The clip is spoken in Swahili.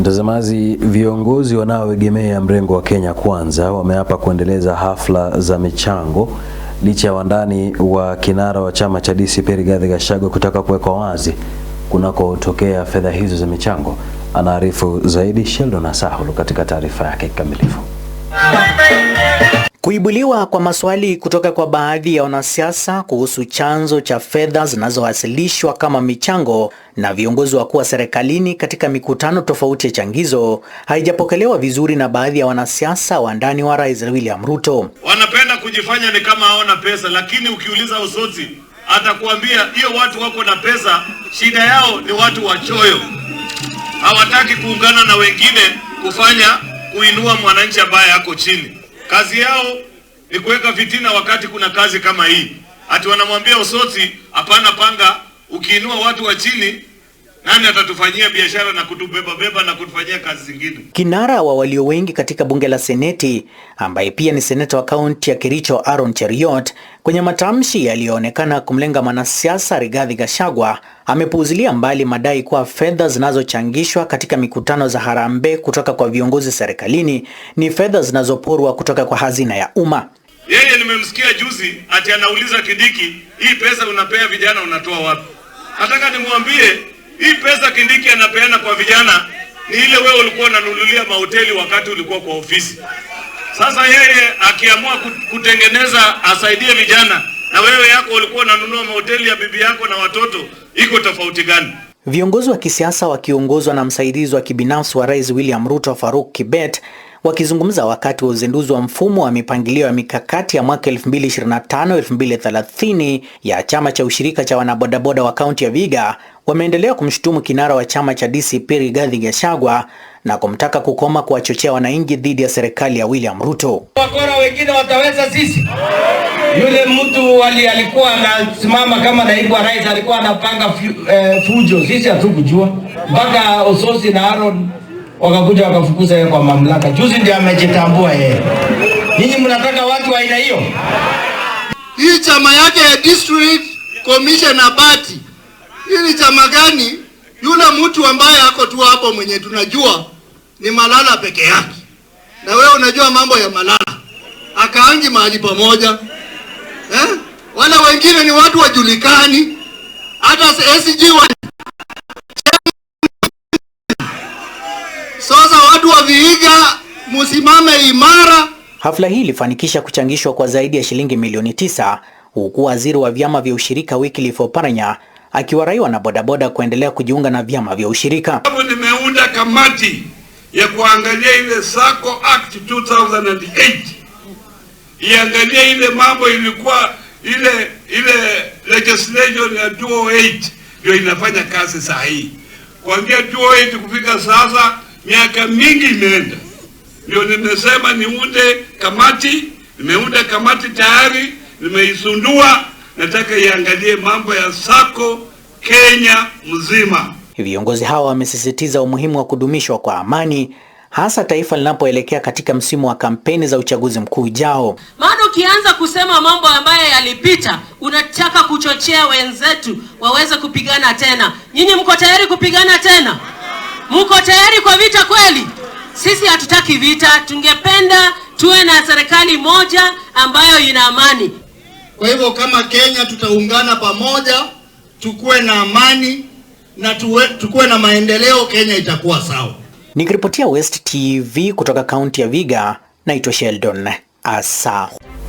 Mtazamaji, viongozi wanaoegemea mrengo wa Kenya Kwanza wameapa kuendeleza hafla za michango licha ya wandani wa kinara wa chama cha DCP Rigathi Gachagua kutaka kuwekwa wazi kunakotokea fedha hizo za michango. Anaarifu zaidi Sheldon Asahulu katika taarifa yake kikamilifu. Kuibuliwa kwa maswali kutoka kwa baadhi ya wanasiasa kuhusu chanzo cha fedha zinazowasilishwa kama michango na viongozi wakuu wa serikalini katika mikutano tofauti ya changizo haijapokelewa vizuri na baadhi ya wanasiasa wa ndani wa Rais William Ruto. Wanapenda kujifanya ni kama hawana pesa, lakini ukiuliza usoti atakuambia hiyo watu wako na pesa, shida yao ni watu wachoyo, hawataki kuungana na wengine kufanya kuinua mwananchi ambaye ako chini. Kazi yao ni kuweka fitina, wakati kuna kazi kama hii, ati wanamwambia Osotsi, hapana, panga ukiinua watu wa chini nani atatufanyia biashara na kutubeba beba na kutufanyia kazi zingine? Kinara wa walio wengi katika bunge la seneti ambaye pia ni seneta wa kaunti ya Kericho Aaron Cheriot, kwenye matamshi yaliyoonekana kumlenga mwanasiasa Rigathi Gachagua, amepuuzilia mbali madai kuwa fedha zinazochangishwa katika mikutano za harambee kutoka kwa viongozi serikalini ni fedha zinazoporwa kutoka kwa hazina ya umma. Yeye nimemsikia juzi ati anauliza Kidiki, hii pesa unapea vijana unatoa wapi? Nataka nimwambie hii pesa Kindiki anapeana kwa vijana ni ile wewe ulikuwa unanunulia mahoteli wakati ulikuwa kwa ofisi. Sasa yeye akiamua kutengeneza asaidie vijana, na wewe yako ulikuwa unanunua mahoteli ya bibi yako na watoto, iko tofauti gani? Viongozi wa kisiasa wakiongozwa na msaidizi wa kibinafsi wa Rais William Ruto Faruk Kibet Wakizungumza wakati wa uzinduzi wa mfumo wa mipangilio ya mikakati ya mwaka 2025-2030 ya chama cha ushirika cha wanabodaboda wa kaunti ya Vihiga, wameendelea kumshutumu kinara wa chama cha DCP Rigathi Gachagua na kumtaka kukoma kuwachochea wananchi dhidi ya serikali ya William Ruto. Wakora wengine wataweza sisi. Yule mtu wali alikuwa anasimama kama naibu rais alikuwa anapanga eh, fujo, sisi hatukujua mpaka Ososi na Aaron wakakuja wakafukuza yeye kwa mamlaka. Juzi ndio amejitambua yeye. Ninyi mnataka watu wa aina hiyo? Hii chama yake ya district commission Bati, hii ni chama gani? Yule mtu ambaye ako tu hapo mwenye tunajua ni Malala peke yake, na wewe unajua mambo ya Malala, akaangi mahali pamoja eh? Wala wengine ni watu wajulikani, hata SG wa tusimame imara. Hafla hii ilifanikisha kuchangishwa kwa zaidi ya shilingi milioni tisa huku waziri wa vyama vya ushirika Wycliffe Oparanya akiwaraiwa na bodaboda kuendelea kujiunga na vyama vya ushirika. Nimeunda kamati ya kuangalia ile Sacco Act 2008 iangalie ile mambo ilikuwa ile ile legislation ya 2008 ndio inafanya kazi saa hii kuanzia 2008 kufika sasa, miaka mingi imeenda ndio nimesema niunde kamati. Nimeunda kamati tayari, nimeizundua. Nataka iangalie mambo ya sako Kenya mzima. Viongozi hawa wamesisitiza umuhimu wa kudumishwa kwa amani hasa taifa linapoelekea katika msimu wa kampeni za uchaguzi mkuu ujao. Maana ukianza kusema mambo ambayo yalipita, unataka kuchochea wenzetu waweze kupigana tena. Nyinyi mko tayari kupigana tena? Mko tayari kwa vita kweli? Sisi hatutaki vita, tungependa tuwe na serikali moja ambayo ina amani. Kwa hivyo kama Kenya tutaungana pamoja, tukuwe na amani na tuwe, tukuwe na maendeleo, Kenya itakuwa sawa. Nikiripotia West TV kutoka kaunti ya Viga, naitwa Sheldon Asahu.